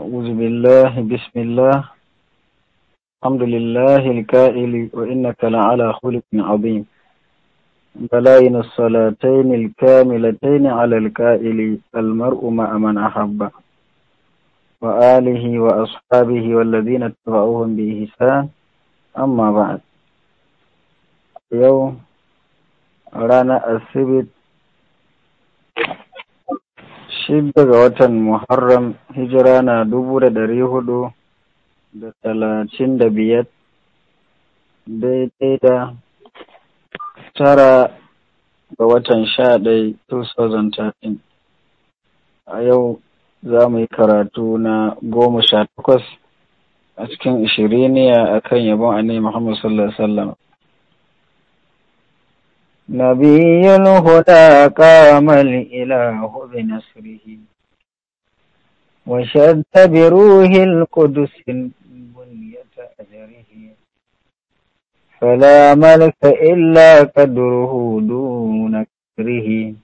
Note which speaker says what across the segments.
Speaker 1: أعوذ بالله بسم الله الحمد لله الكائل وإنك لعلى خلق عظيم بلاين الصلاتين الكاملتين على الكائل المرء مع من أحب وآله وأصحابه والذين اتبعوهم بإحسان أما بعد يوم رانا السبت shidda ga watan Muharram hijira na dubu da dari hudu da talatin da biyar daidai da tara ga watan sha ɗai 2013 a yau za mu yi karatu na goma sha takwas a cikin ishiriniya a kan yabon annabi Muhammad sallallahu Alaihi نبي الهدى قام الإله بنصره وشد بروح القدس بنية أجره فلا ملك إلا قدره دون كره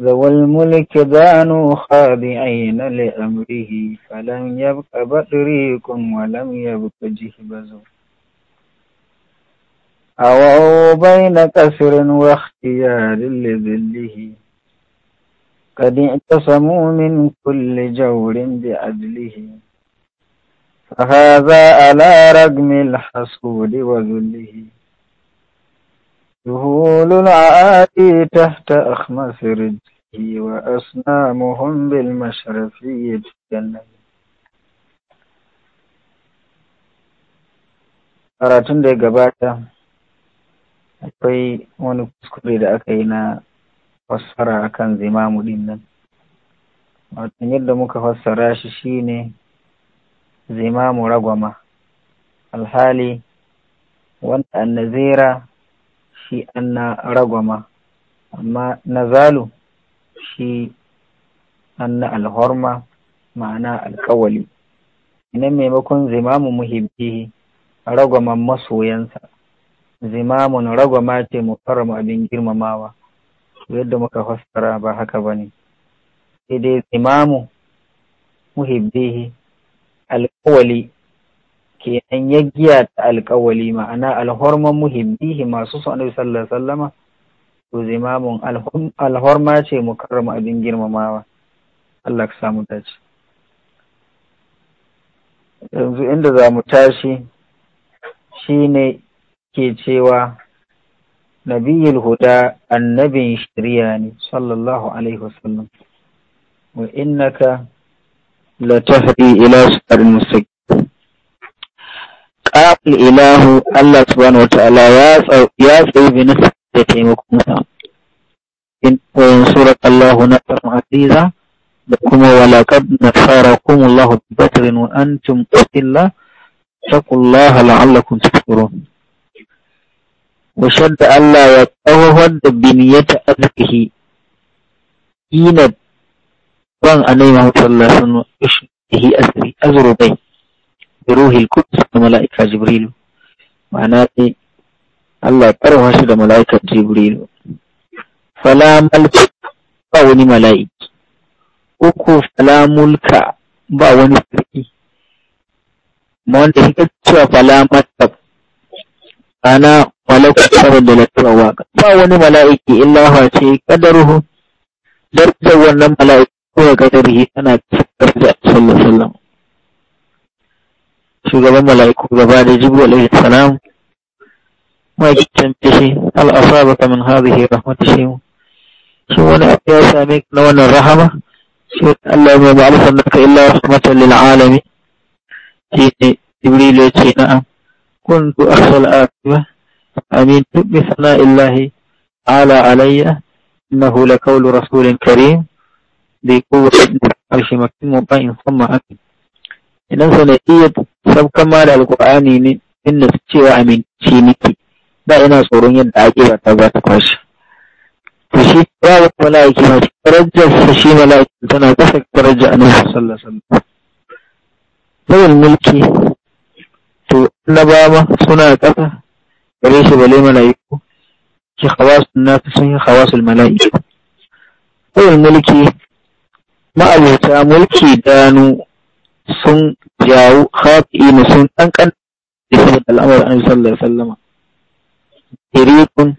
Speaker 1: ذو الملك دانوا خاضعين لأمره فلم يبق بطريق ولم يبق جهبزه أو بين كسر واختيار لذله قد اعتصموا من كل جور بأجله فهذا على رغم الحسود وذله ذهول العادي تحت أخمس رجله وأصنامهم بالمشرفي تتكلم karatun da ya gabata Akwai wani kuskure da aka yi na fassara akan zimamu ɗin nan. Watan yadda muka fassara shi shine zimamu ragwama, alhali wanda zera, shi anna ragwama, amma nazalu shi anna alhorma ma'ana alƙawali. Inan maimakon zimamu muhibbihi ragwaman masoyansa. zimamun ragwama ce mukarram abin girmamawa yadda muka fassara ba haka ba ne sai dai zimamu muhibbihi alkawali. kenan yagiya yaggiya ta alkawali ma'ana alhorman muhibbihi masu su annabi sallallahu alaihi to zimamun alhorma ce mukarram abin girmamawa Allah ka samu dace yanzu inda za mu tashi shi ne. ke cewa nabiyul huda annabin shari'a ne sallallahu alaihi wasallam wa innaka la tahdi ila siratal mustaqim qala ilahu Allah subhanahu wa ya tsaye bi nasa da taimakon sa in surat Allah na aziza da kuma walakad nasarakum Allah bi badrin wa antum qatilla taqullaha la'allakum tuflihun da Allah ya tsawon da biniyata a zikihi, ina ban a nema matsala sun ishi asiri azurubai, ruhil kudus da mala’ika Jibrilu, ma'ana ne Allah ya tsawon shi da mala’ikan Jibrilu. Fala malka ba wani mala’iki, uku fala mulka ba wani sarki, ma wanda shi cewa fala mata ana malakul qadar da lafiyar waka ba wani mala'iki illa face qadaruhu darajar wannan mala'iki ko qadarihi tana cikin da sallallahu sallam shugaban mala'iku gaba da jibril alaihi salam ma giccen shi al asabaka min hadhihi rahmatihi shi wani abu ya same ka na wannan rahama shi Allah ya mai alfannaka illa rahmatan lil alami. shi ne jibril ya ce na'am kuntu ahsal akiba أمنت بثناء الله تعالى علي إنه لقول رسول كريم ذي قوة عرش مكين مطاين ثم أكل idan sanadiyyar sabkama da alkur'ani ne inda su cewa aminci niki da ina tsoron yadda ake ta za ta kwashe to shi babu mala'iki masu darajar sa shi mala'iki tana kasa darajar annabi sallallahu alaihi wasallam mulki to annabawa suna kasa gare shi bale mala'iku ki khawasun nasu sun yi khawasul mala'iku kawai mulki ma'abuta mulki danu sun jawo hafi'ina sun ɗanƙan da shi al'amar an sallar sallama irikun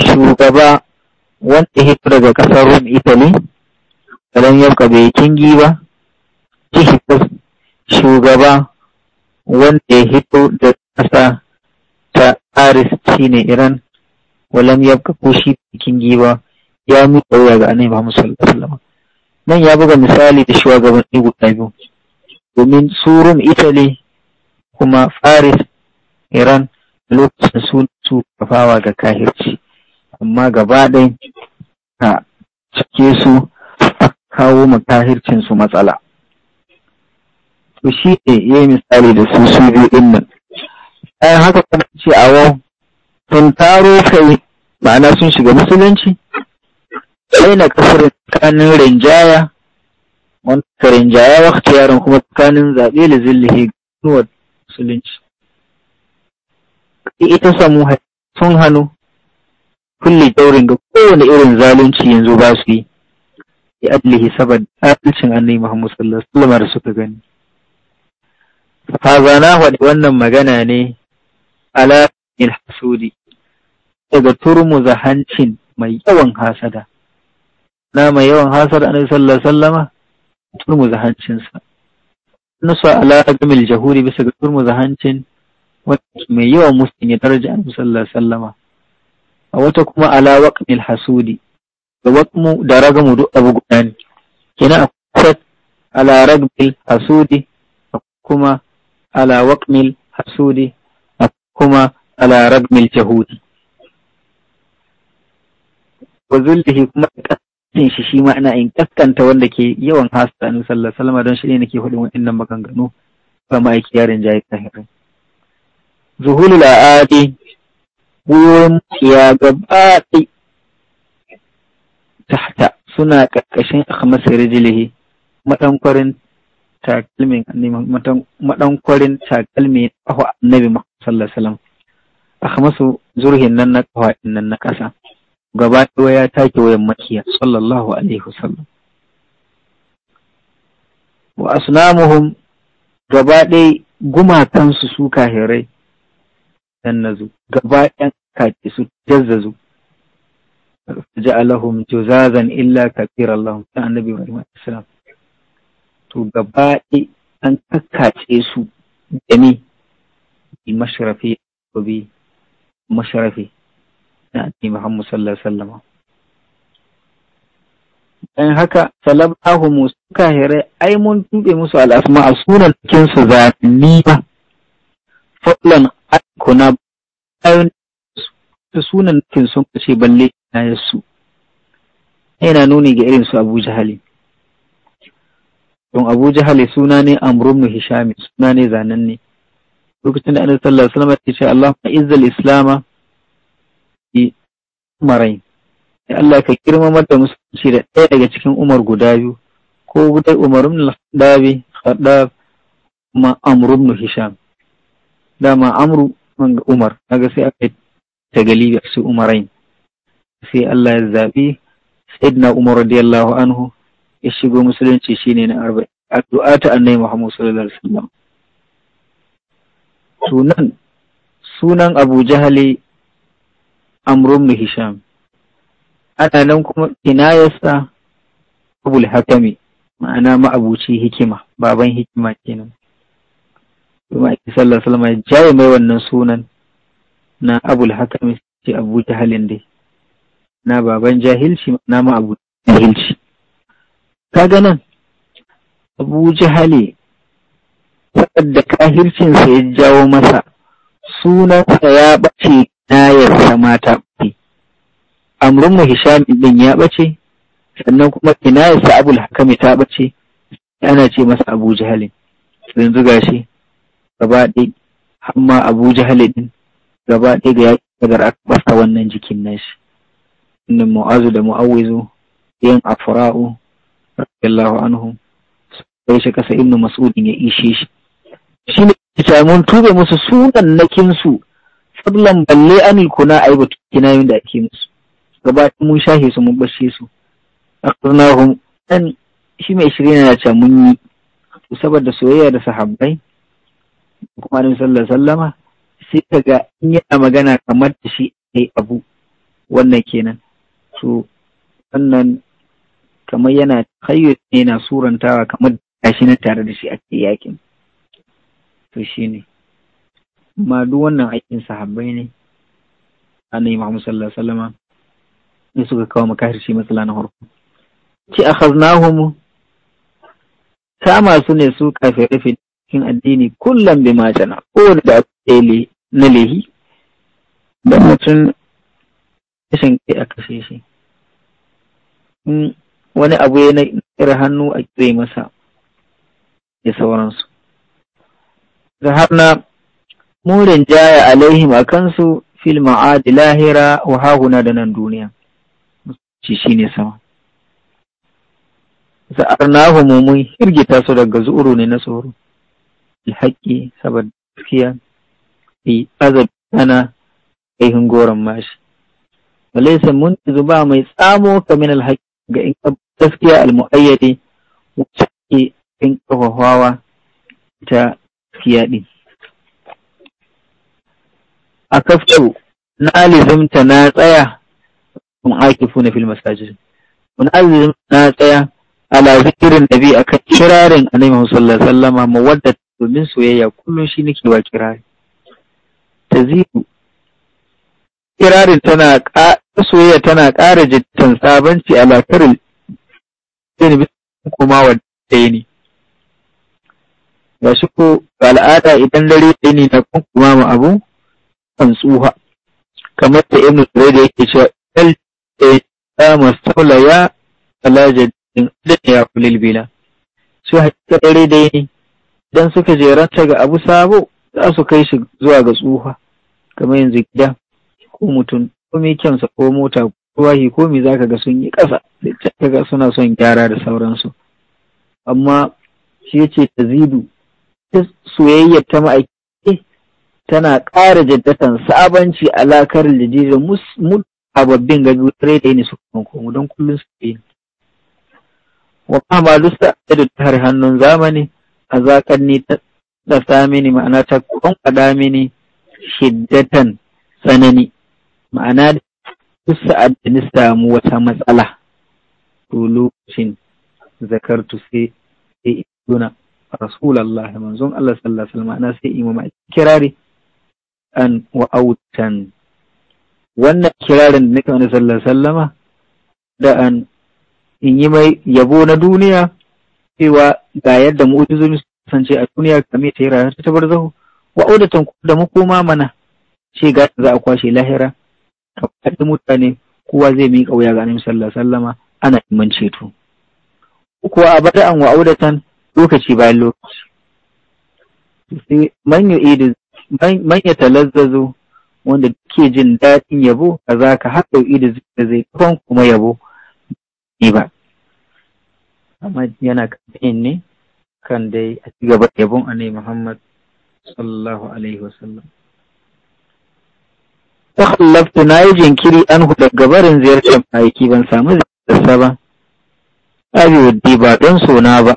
Speaker 1: shugaba wanda hito daga ƙasar rum italy kalan yabka bai kingi ba ki shugaba wanda ya hito da ƙasa Faris shine Iran walam ya ko shi bikin giba ya miƙa wuya ga Annabi Muhammad sallallahu alaihi wasallam nan ya buga misali da shugabanni guda biyu domin Surum Italy kuma Faris Iran lokacin sun su kafawa ga kahirci amma gaba ɗaya a cike su a kawo makahircin su matsala to shi ne ya yi misali da su su biyu ɗin nan bayan haka kuma ce a wau sun taro kai ma'ana sun shiga musulunci na kasar tsakanin rinjaya wanda rinjaya wakta yaron kuma tsakanin zaɓe da zillihi nuwar musulunci ita samu sun hannu kulle daurin ga kowane irin zalunci yanzu ba su yi ya adlihi saboda adalcin annai Muhammad sallallahu alaihi wasallam da suka gani fa zana wannan magana ne ala hasudi daga turmuza hancin mai yawan hasada na mai yawan hasada annabi sallallahu alaihi wasallama turmuza hancinsa nasa ala gamil jahuri bisa ga turmuza hancin mai yawan musulun ya daraja annabi sallallahu alaihi wasallama a wata kuma ala waqmil hasudi da waqmu da ragamu duk abu guda ne kenan akwai ala ragmil hasudi kuma ala waqmil hasudi kuma ala ragmil jahuti wa zullihi kuma kasance shi shi ma ana in kaskanta wanda ke yawan hasta annabi sallallahu alaihi don shi ne nake faɗin wannan maganganu ba ma aiki yarin jayi kahirin zuhulul aadi buyoyin ya gaba tahta suna ƙarƙashin akhmas rijlihi madankwarin takalmin madankwarin takalmi ƙafa annabi Muhammad sallallahu alaihi wasallam akhmasu zurhin nan na ƙafa nan na ƙasa gaba ɗaya ya take wayan makiya sallallahu alaihi wasallam wa asnamuhum gaba ɗaya gumakansu su kahirai dan nazu gaba ɗayan kake su jazzazu ja'alahum juzazan illa kafir Allahum ta annabi Muhammad sallallahu to gaba an kakkace su da ne bi masharafi ko bi masharafi na annabi Muhammad sallallahu alaihi wasallam dan haka salabahu musu kahirai ai mun tube musu al'asma a sunan cikin su ni ba fadlan kuna ayun sunan cikin sun kace balle na yasu yana nuni ga irin su Abu Jahali don Abu Jahal suna ne Amr ibn Hisham suna ne zanen ne? lokacin da Annabi sallallahu alaihi wasallam ya ce Allahumma izzal islama bi umarain ya Allah ka girmamar da musulunci da ɗaya daga cikin umar guda biyu ko guda Umar ibn Khaddab Khaddab ma Amr ibn Hisham dama Amru Umar kaga sai aka ta galibi su umarain sai Allah ya zabi Sayyidina Umar radiyallahu anhu ya shigo musulunci shine na arba'in addu'a ta annabi Muhammad sallallahu alaihi wasallam sunan sunan Abu Jahali Amrun Hisham ana nan kuma kinayarsa Abul Hakami ma'ana ma'abuci hikima baban hikima kenan kuma ake sallar salama ya jaye mai wannan sunan na abul hakami ce abu jahalin dai na baban jahilci na ma abu jahilci kaga nan abu jahali wadda kahircinsa ya jawo masa sunansa ya ɓace nayarsa mata ɓace amrun hisham ɗin ya ɓace sannan kuma kinayarsa abul hakami ta ɓace ana ce masa abu jahalin yanzu gashi gaba ɗaya amma abu jahalin ɗin gaba ɗaya ga yaƙi kadar aka ɓasa wannan jikin nashi inda mu'azu da mu'awizu yin afra'u radiyallahu anhu sai shi kasa ibnu mas'udin ya ishe shi ne sai mun tube musu sunan nakin su fadlan balle an kuna ai batu yin da ake musu gabata mun shahe su mun bashe su akhadnahum dan shi mai shirin na cewa mun yi saboda soyayya da sahabbai kuma annabi sallallahu alaihi sai kaga in yana magana kamar da shi ai abu wannan kenan to wannan kamar yana ne na surantawa kamar shi na tare da shi a yakin to ne ma duk wannan aikin sahabbai ne annabi Muhammad sallallahu alaihi wasallama ne suka kawo shi matsala na farko ci akhaznahum kama su ne su kafe fi cikin addini kullum bi majana, ko da abu na lehi don mutum rashin kai a kashe shi wani abu ya na hannu a kire masa da sauransu na, murin jaya alaihim a kansu fil ma'adi lahira wa hahuna da nan duniya ci shi ne sama A za'arnahu mun hirgita su daga zuru ne na tsoro alhaƙi saboda gaskiya azabi azabtana kaihin goron mashi walaysa mun zuba mai tsamo kamin alhaƙi ga in gaskiya almu'ayyadi wacce ke cikin ƙarfafawa ta gaskiya ɗin. A kafto na lizimta na tsaya mun aiki funa fil masajid. Mun azim na tsaya ala zikirin nabi akan kirarin annabi sallallahu alaihi wasallama mawadda domin soyayya kullum shi nake wa kirari. Tazidu kirarin tana soyayya tana ƙara jittan sabanci a lakarin ne bisa koma ne ga shi ko al'ada idan dare da ne na kun kuma ma abu kan tsuha kamar da ibnu da yake cewa dal da masaula ya alajad din da ya kulil bila su hakika dare da ne idan suka jeranta ga abu sabo za su kai shi zuwa ga tsuha kamar yanzu gida ko mutum ko mai kyansa ko mota ruwahi ko me zaka ga sun yi ƙasa sai ga suna son gyara da sauransu amma shi yace tazidu soyayyar ta ma'aikaci tana ƙara jaddatan sabanci alakar da mu ababbin gabi tare da yini su kanko don kullum su yi wa ma lusta da har hannun zamani a zakar ni ta sa mini ma'ana ta kwankwada mini shiddatan tsanani ma'ana da duk sa'ad da ni samu wata matsala to lokacin zakartu sai in idona rasulallah manzon Allah sallallahu alaihi wasallam sai in imama kirari an wa wannan kirarin da nika wani sallallahu sallama? da an in yi mai yabo na duniya cewa ga yadda mu'ujizun kasance a duniya kamar ta yi rayuwa ta bar zaho wa audatan da koma mana ce ga za a kwashe lahira haɗu mutane kowa zai miƙa wuya ga annabi sallallahu alaihi wasallama ana neman ceto ko a bada wa audatan lokaci bayan lokaci sai man yu'idu manya wanda ke jin daɗin yabo kaza ka haka da zai kwan kuma yabo ne ba amma yana kan ne kan dai a cigaba gaba yabon annabi Muhammad sallallahu alaihi wasallam khallaftu na yi jinkiri an huɗa gabarin ziyartar aiki ban samu ziyartarsa ba abi waddi ba ɗan sona ba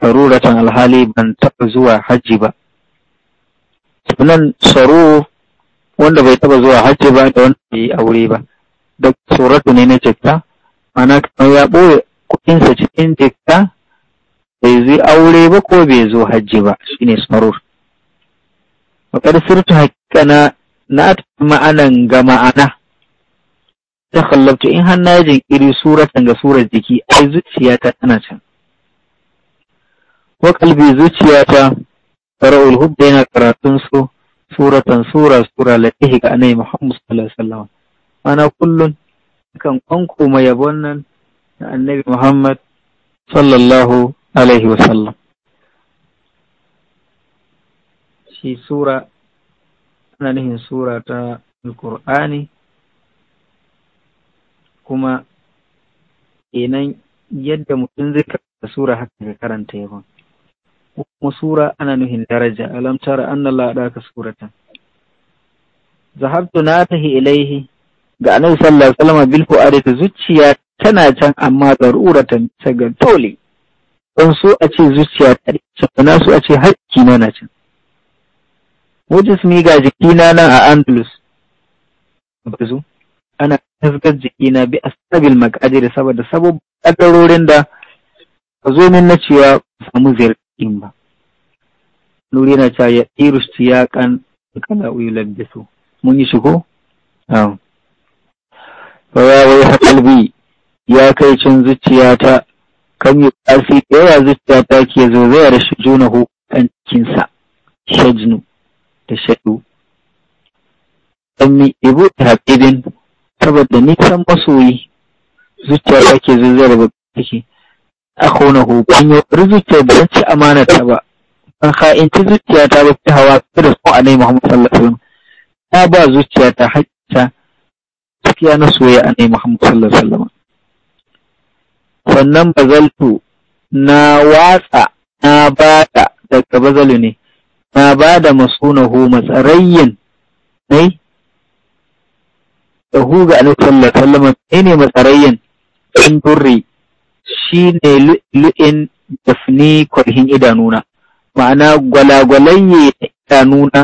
Speaker 1: faruratan alhali ban taɓa zuwa hajji ba sunan saro wanda bai taɓa zuwa hajji ba da wanda bai yi aure ba da suratu ne na cikta, ana kamar ya ɓoye kuɗinsa cikin cikta bai zai aure ba ko bai zo hajji ba shi shine sarur wa sirta haƙiƙa na na ma'anan ga ma'ana ta khallabtu in har na jinkiri suratan ga surar jiki ai zuciyata tana can wa kalbi zuciyata fara'ul hubba yana karatun su suratan sura sura latihi ga anai muhammad sallallahu alaihi wasallam ana kullun kan kwanko mai yabon nan na annabi muhammad sallallahu alaihi wasallam shi sura Ana nufin sura ta alkur'ani kuma kenan yadda mutum zai karanta sura haka ga karanta yawan kuma sura ana nuhin daraja alam tara anna Allah da ka suratan zahabtu na ilaihi ga annabi sallallahu alaihi wasallam bil zuciya tana can amma daruratan ta ga don so a ce zuciya ta na so a ce hakki na na can mu jismi ga jikina nan a Andalus ana tasgar jikina bi asabil maqadir saboda saboda kadarorin da ka zo min na cewa samu ziyartin ba nuri na cewa ya irus ya kan kana uyu mun yi shigo fa ya wai ya kai cin zuciya ta. kan yi ƙasi ɗaya zuciya ta ke zo zai rashi junahu kan cikinsa shajnu shaɗu. Ɗanmi ibu haƙirin saboda nisan masoyi zuciya ta ke zazzarba take. Aka wani hukun yau zuciya da ci amana ta ba. Ban ci zuciya ta ba ta hawa ta da su anai Muhammadu sallallahu alaihi Ta ba zuciya ta haƙƙita tafiya na soya anai Muhammadu sallallahu alaihi Sannan bazaltu na watsa na bada daga bazalu ne. Na ba da masunahu matsarayyin ne da huga annabi sallallahu alaihi wasallam ne matsarayyin in turri shine lu'in dafni kwalhin idanuna ma'ana gwalagwalayye idanuna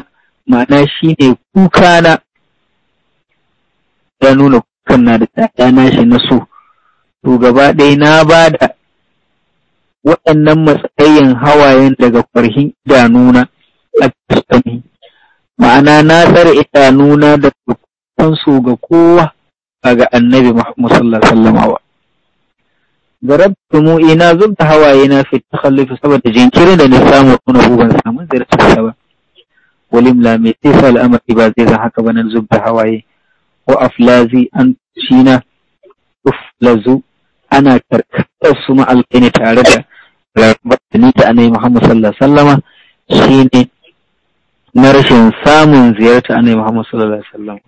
Speaker 1: ma'ana shine kukana ya nuna kukan na da tsada nashi na so to gaba ɗaya na ba da waɗannan matsayin hawayen daga kwarhin idanuna a fuskani, ma'ana na tsare idanuna da su ga kowa ba ga annabi Muhammad sallallahu alaihi wasallam ba. mu ina zub da hawaye na fi takhallufi saboda jinkirin da na samu kuna ban samu ziyartarsa ba. Walim la mai sai al'amari ba zai zan haka ba nan zub da hawaye. Wa aflazi an shina lazu, ana karkatar su ma'alƙai ne tare da rabar ni ta annabi Muhammad sallallahu alaihi wasallam shine na rashin samun ziyarta annabi Muhammad sallallahu alaihi wasallam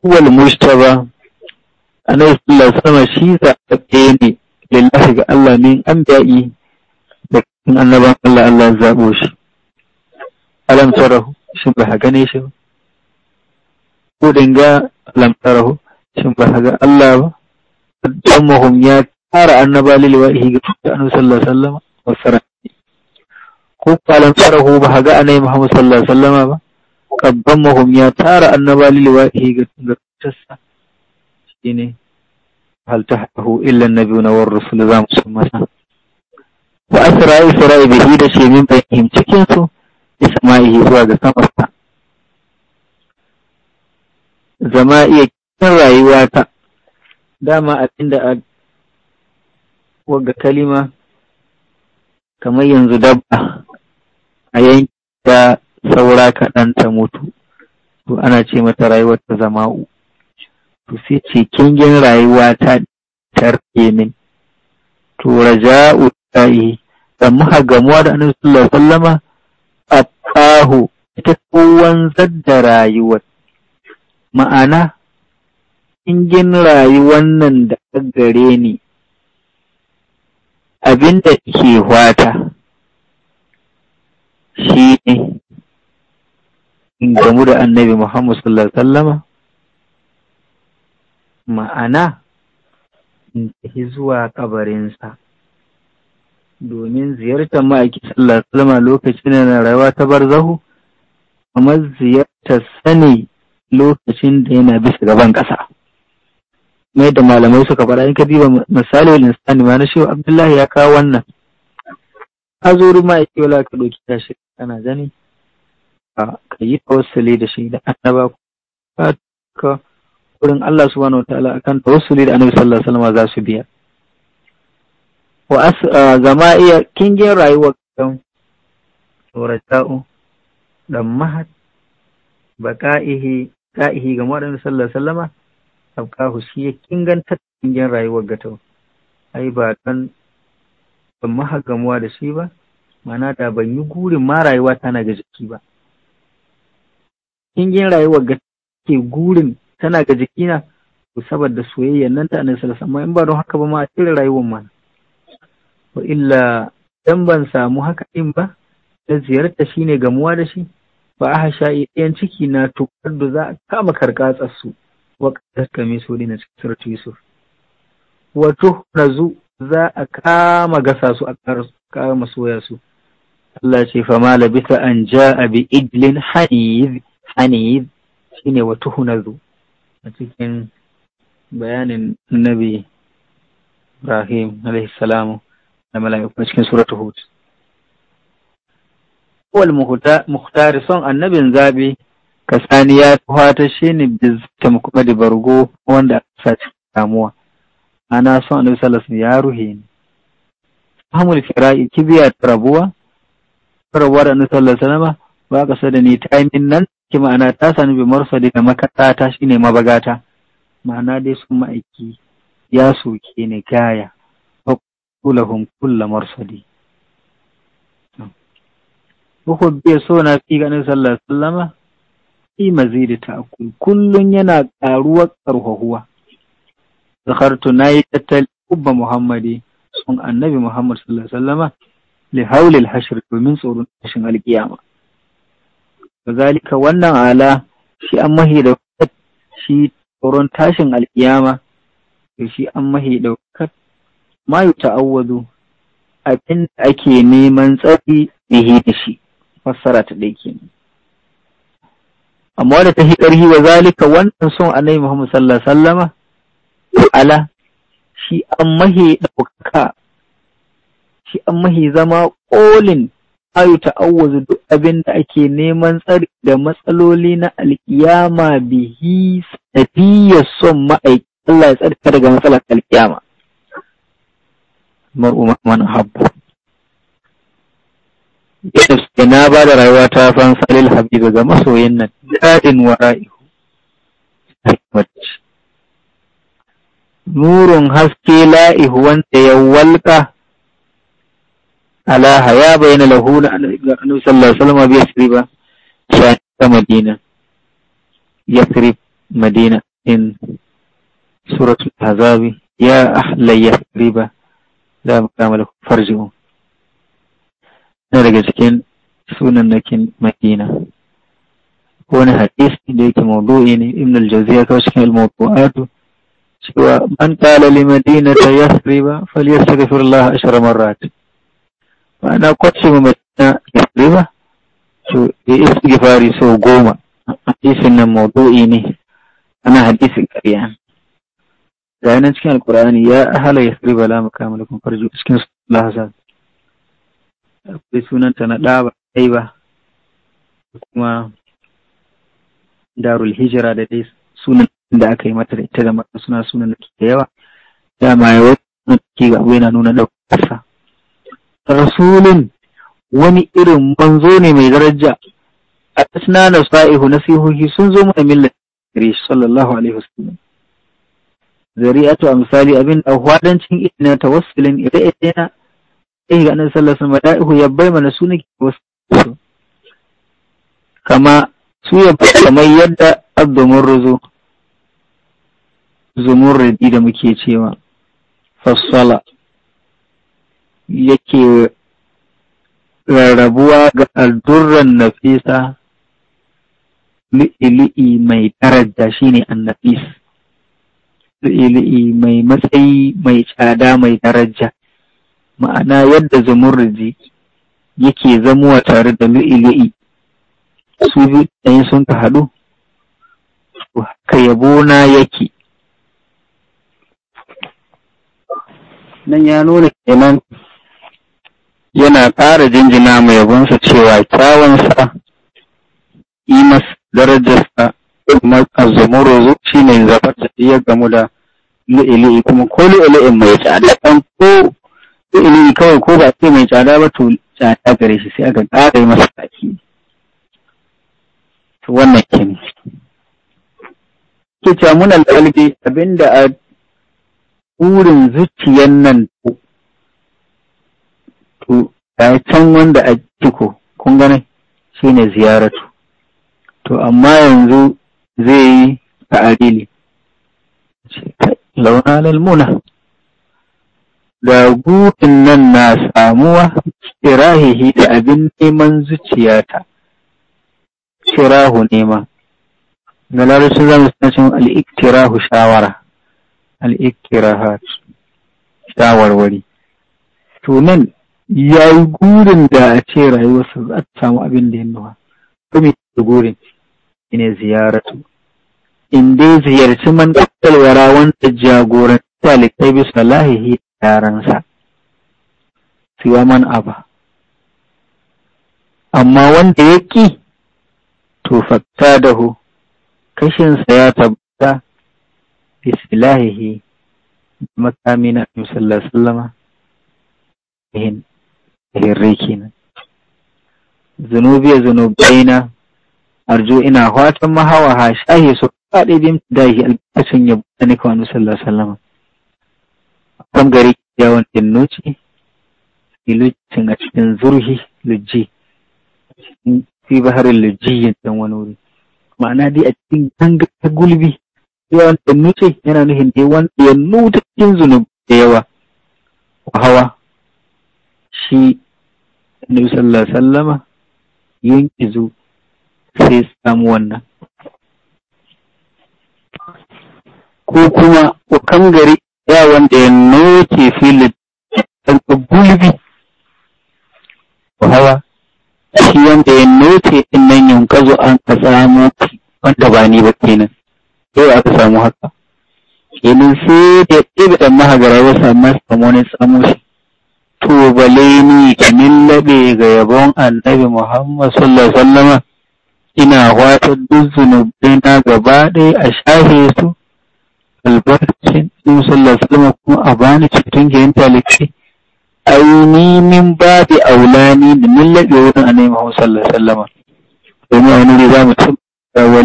Speaker 1: huwal mujtaba annabi sallallahu alaihi wasallam shi zaɓaɓɓe ne lillahi ga Allah min anbiya'i da kun annaban Allah Allah ya zabo shi alam tarahu shin ba gane shi ko dinga alam tarahu shin ba ga Allah ba dan muhum ya tara annaba lil ga annabi sallallahu alaihi wasallam wasara ko kwalan farahu ba ga anai Muhammad sallallahu alaihi Sallama ba kabban mahum ya tara annaba lilwahi ga tassa shine hal na illa na war rusul za mu sun masa wa asra isra bihi da shi min bayhim cikin su isma'ihi zuwa ga samarsa zama iya cikin rayuwata dama abinda a waga kalima kamar yanzu dabba a yanka saura kaɗan ta mutu to ana ce mata rayuwar ta zama to sai ce kingin rayuwa ta tarke min to raja'u ta'i da muka gamuwa da annabi sallallahu alaihi wasallama ƙaho ita wanzar da rayuwar ma'ana kingin rayuwar nan da gare ni abinda ke wata shi ne gamu da annabi Muhammad sallallahu Alaihi ma'ana in tafi zuwa kabarinsa domin ziyartar ma'aiki sallallahu Alaihi lokacin da rayuwa ta barzahu kamar ziyartar sani lokacin da yana bisa gaban ƙasa. Mai da malamai suka faɗa in ka diba misali insani ma na shi Abdullahi ya kawo wannan ka zo ruma wala ke ka ɗauki tashi kana gani ka yi tawassuli da shi da annaba ka wurin Allah subhanahu wataala akan tawassuli da annabi sallallahu alaihi wasallam za su biya wa zama iya kingin rayuwar kan Ta'u, dan Mahad, baqaihi qaihi ga waɗanda sallallahu alaihi wasallama abkahu shi ya kingantar kingin rayuwar gato ai ba kan ban maha gamuwa da shi ba mana da ban yi gurin ma rayuwa tana ga jiki ba Kingin rayuwa ga ke gurin tana ga jikina sabar saboda soyayyar nan ta ne sallallahu amma in ba don haka ba ma a cire rayuwar ma Ba illa dan ban samu haka din ba da ziyarta shi ne gamuwa da shi ba a hasha ɗayan ciki na tukar da za a kama karkatsar su wa so ne na cikin suratu yusuf wato razu za a kama gasa su a kama soya su Allah ce fa ma labisa an ja'a bi idlin hanid hanid shine wa tuhunazu a cikin bayanin annabi Ibrahim alaihi salamu da mala'iku cikin suratul Hud wal muhtari son annabin zabi kasani ya tuhata shine bizta kuma da bargo wanda aka sa cikin damuwa ana son annabi sallallahu ya ruhe ni hamul fira'i kibiya ta rabuwa rabuwa da annabi sallallahu alaihi wasallam ba ka sada ni timin nan ki ma'ana ta sani bi marsali da makata ta shine mabagata ma'ana dai sun ma'aiki ya soke ni gaya fa kulahum kulla marsali Ko bai so na fi ganin sallallahu alaihi wasallama fi mazidi ta kullun yana ƙaruwar ƙarhuwa zakartu na yi tattali ubba muhammadi sun annabi muhammad sallallahu alaihi wasallama li haulil hashir domin tsoron tashin alkiyama kazalika wannan ala shi an mahi da shi tsoron tashin alkiyama da shi an mahi da ma yi ta'awwazu abin da ake neman tsari bihi da shi fassara ta ɗaya kenan amma wanda ta hi ƙarhi wa zalika wannan sun annabi muhammad sallallahu alaihi wasallama ala shi an mahe ɗauka shi an mahi zama ƙolin ayu ta'awwazu duk abin da ake neman tsari da matsaloli na alƙiyama bihi sanadiyya son ma'aiki Allah ya tsarka daga matsalar alƙiyama mar'u man habbu yes ina ba da rayuwa ta fan salil habiba ga masoyin nan dadin wara'ihu hikmat nurun haske la'ihu wanda ya walƙa alaha ya bayyana lahu na annabi sallallahu alaihi wasallam bi yasriba ta madina yasrib madina in suratul hazabi ya ahla yasriba da mukamala farji'u daga cikin sunan nakin madina wani hadisi da yake mawdu'i ne ibn al-jawzi kawai cikin al-mawdu'atu cewa man qala li madinata yasriba falyastaghfir Allah ashra marrat ma'ana kwace mu madina yasriba to ya istighfari sau goma hadisin nan mawdu'i ne ana hadisin ƙarya ga yana cikin alkur'ani ya ahala yasriba la makama lakum farju cikin Allah hasan akwai sunanta na ɗaba ba kuma darul hijira da dai sunan da aka yi mata da ita da mata suna suna da yawa dama ya wata ke abu yana nuna ɗaukarsa rasulun wani irin manzo ne mai daraja a tsina na sa'ihu sihohi sun zo mana millar gare shi sallallahu alaihi wasallam zari'atu a misali abin da hwadancin ina tawassulin ire-irena ɗaya, ga annabi sallallahu alaihi wasallam da'ihu ya bai mana su nake wasu kama su ya kamar yadda abdomin ruzu zumurrudi da muke cewa fassala yake rarrabuwa ga aldurran nafisa li'ili'i mai daraja shine annafis li'ili'i mai matsayi mai tsada mai daraja ma'ana yadda zumurrudi yake zamuwa tare da li'ili'i su biyu sun ka haɗu haka yabona yake nan ya nuna kenan yana ƙara jinjina mai yabonsa cewa kyawunsa imas darajarsa kuma azumuro shi ne zafar da iya gamu da lu'ili'i kuma ko lu'ili'in mai tsada ɗan ko lu'ili'i kawai ko ba ce mai tsada ba to tsada gare shi sai aka ƙara yi masa baki to wannan kenan ke ce muna da abinda a burin zuciyan nan to a can wanda a ciko kun gane shi ne ziyaratu to amma yanzu zai yi adili launa lalmuna da gurin nan na samuwa kirahihi da abin neman zuciyata kirahu nema na larisun zamu sanar al'iktirahu shawara al’ikirahat shawarwari to nan ya yi gurin da a ce rayuwarsa za ta samu abin da ya nufa kuma ya gurin ne ziyaratu in dai ziyarci man tattalwara wanda jagoran talibai bisa lahihi yaransa siwa man aba amma wanda ya ƙi to fatta dahu kashinsa ya tabbata islahihi makami na sallallahu sallama hin hirre kenan zunubiya zunubaina arju ina fatan mahawa ha shahi su faɗi bin dahi albarkacin ya buɗe ni kawai sallallahu sallama kan gari yawon dinnoci ilujin a cikin zurhi lujji fi baharin lujjiyin dan wani wuri ma'ana dai a cikin ganga ta gulbi wanda ya nuce yana nufin dai wanda ya nuta cikin zunub da yawa hawa shi annabi sallallahu alaihi sallama yin izu sai samu wannan ko kuma ku kangare ya wanda ya nuke filin ɗan gulbi hawa shi wanda ya nuke ɗin nan zuwa an ka samu wanda ba ni ba kenan dole aka samu haka Domin sai da ɗibi ɗan mahagarawa ya samu wani samu shi to baleni ka labe ga yabon annabi Muhammad sallallahu alaihi wasallama ina wata duk zunubaina gaba ɗaya a shafe su albarkacin ɗin sallallahu Alaihi kuma a bani cikin gayin talibci aini min ba da aulani da min laɓe wurin annabi Muhammad sallallahu alaihi wasallama domin a wani ne za mu wa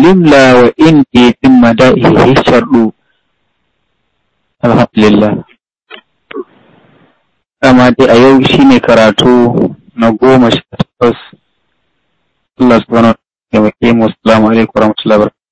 Speaker 1: in في ثم دائه شر alhamdulillah amma dai a yau shi ne karatu na goma sha takwas Allah subhanahu wa ta'ala ya mu assalamu alaikum warahmatullahi wabarakatuh